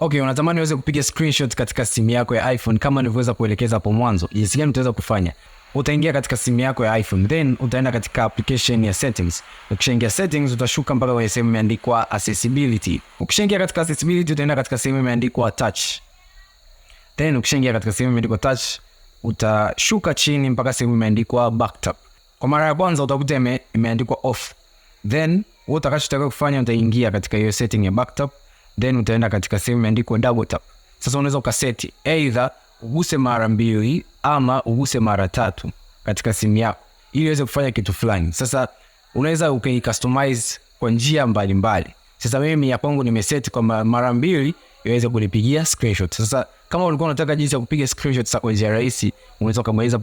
Okay, unatamani uweze kupiga screenshot katika simu yako ya iPhone kama nilivyoweza kuelekeza hapo mwanzo. Jinsi gani utaweza kufanya? Utaingia katika simu yako ya iPhone, then utaenda katika application ya settings. Ukishaingia settings, utashuka mpaka kwenye sehemu imeandikwa accessibility. Ukishaingia katika accessibility, utaenda katika sehemu imeandikwa touch. Then ukishaingia katika sehemu imeandikwa touch, utashuka chini mpaka sehemu imeandikwa backup. Kwa mara ya kwanza utakuta imeandikwa off. Then wewe utakachotakiwa kufanya, utaingia katika hiyo setting ya backup then utaenda katika sehemu imeandikwa double tap. Sasa unaweza ukaseti either uguse mara mbili ama uguse mara tatu katika simu yako ili iweze kufanya kitu fulani. Sasa unaweza ukaicustomize kwa njia mbalimbali. Sasa mimi ya kwangu nimeseti kwamba mara mbili iweze kunipigia screenshot. Sasa kama ulikuwa unataka jinsi ya kupiga screenshot kwa njia rahisi, unaweza ukamaliza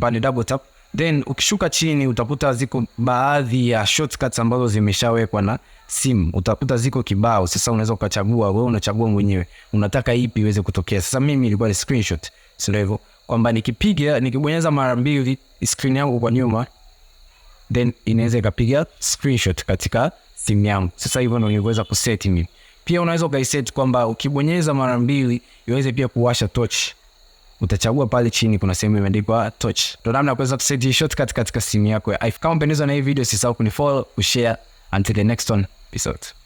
pale double tap Then ukishuka chini utakuta ziko baadhi ya shortcuts ambazo zimeshawekwa na simu, utakuta ziko kibao. Sasa unaweza ukachagua wewe, unachagua mwenyewe unataka ipi iweze kutokea. Sasa mimi ilikuwa ni screenshot, sio hivyo, kwamba nikipiga nikibonyeza mara mbili screen yangu kwa nyuma, then inaweza ikapiga screenshot katika simu yangu. Sasa hivyo ndio niweza kuset mimi. Pia unaweza ukaiset kwamba ukibonyeza mara mbili iweze pia kuwasha tochi utachagua pale chini kuna sehemu imeandikwa toch Ndio namna ya kuweza kuseti hii shortcut katika simu yako ya Kama umependezwa na hii video, usisahau kunifollow, kushare. Until the next one, peace out.